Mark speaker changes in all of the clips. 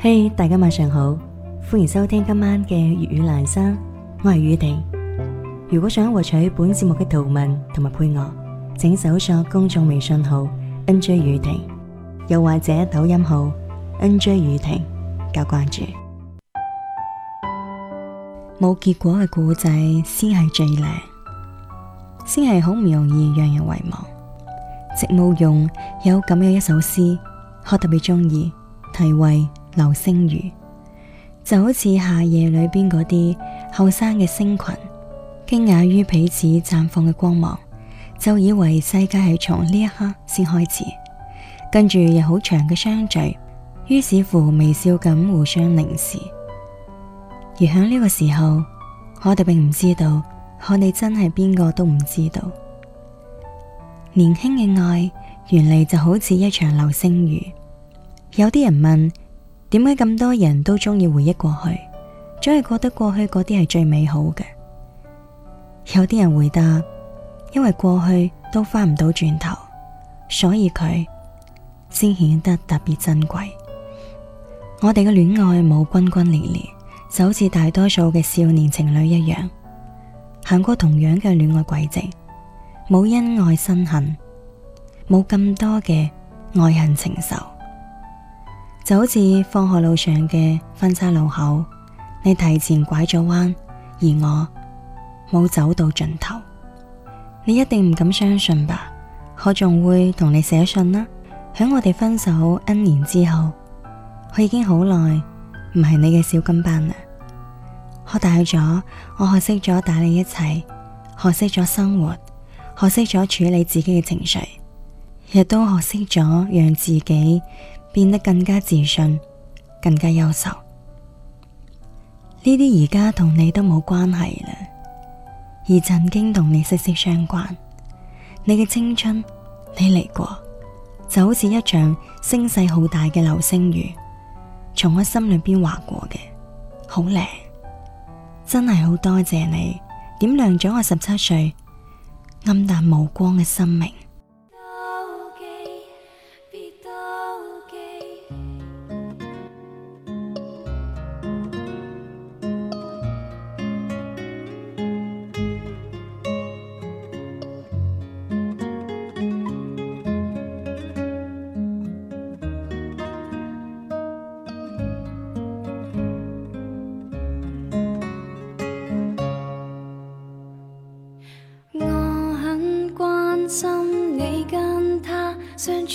Speaker 1: 嘿，大家晚上好，歡迎收聽今晚嘅粵語闌珊，我係宇婷。如果想獲取本節目嘅圖文同埋配樂，請搜索公眾微信號 NJ 宇婷，又或者抖音號 NJ 宇婷，加關注。冇結果嘅故仔先係最靚，先係好唔容易讓人遺忘。席慕容有咁樣一首詩，我特別鍾意，題為。流星雨就好似夏夜裏邊嗰啲後生嘅星群，驚訝於彼此綻放嘅光芒，就以為世界係從呢一刻先開始。跟住又好長嘅相聚，於是乎微笑咁互相凝視。而響呢個時候，我哋並唔知道，我哋真係邊個都唔知道。年輕嘅愛，原嚟就好似一場流星雨。有啲人問。點解咁多人都鍾意回憶過去？總係覺得過去嗰啲係最美好嘅。有啲人回答，因為過去都翻唔到轉頭，所以佢先顯得特別珍貴。我哋嘅戀愛冇轟轟烈烈，就好似大多數嘅少年情侶一樣，行過同樣嘅戀愛軌跡，冇恩愛生恨，冇咁多嘅愛恨情仇。就好似放學路上嘅分岔路口，你提前拐咗彎，而我冇走到盡頭。你一定唔敢相信吧？我仲會同你寫信啦，響我哋分手 n 年之後，我已經好耐唔係你嘅小跟班啦。我大咗，我學識咗打理一切，學識咗生活，學識咗處理自己嘅情緒，亦都學識咗讓自己。變得更加自信，更加優秀。呢啲而家同你都冇關係啦，而曾經同你息息相關。你嘅青春，你嚟過，就好似一場聲勢好大嘅流星雨，從我心裏邊劃過嘅，好靚，真係好多謝你點亮咗我十七歲暗淡無光嘅生命。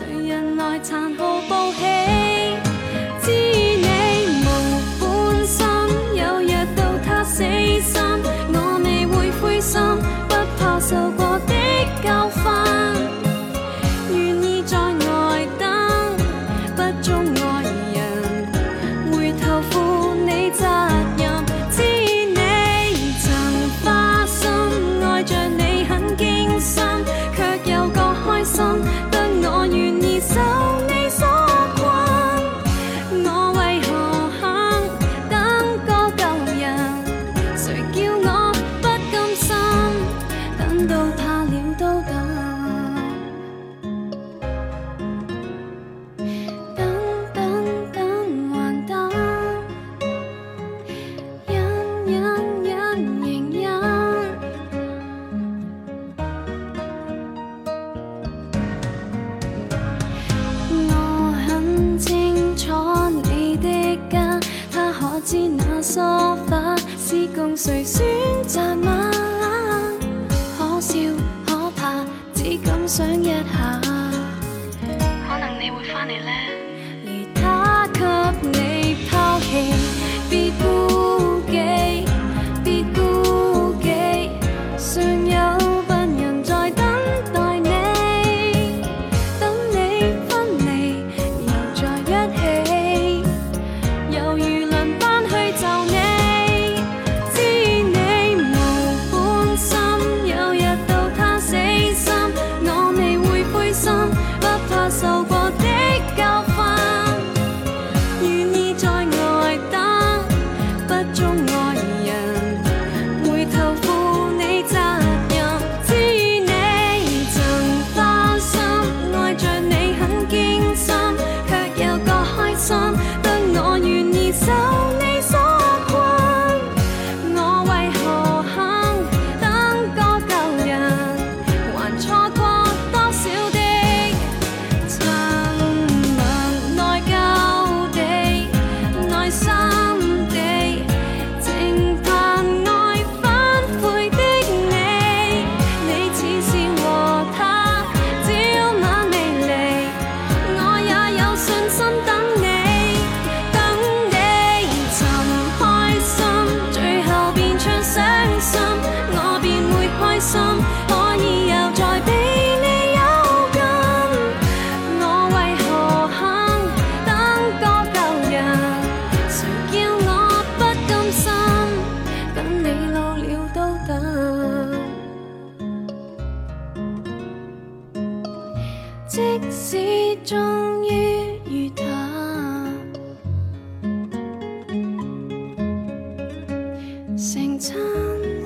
Speaker 2: 誰人來殘酷報喜？知你無半心，有日到他死心，我未會灰心，不怕受苦。梳化是共誰選擇嗎？可笑可怕，只敢想一下。可能你會翻嚟呢。而他即使終於遇他，成真。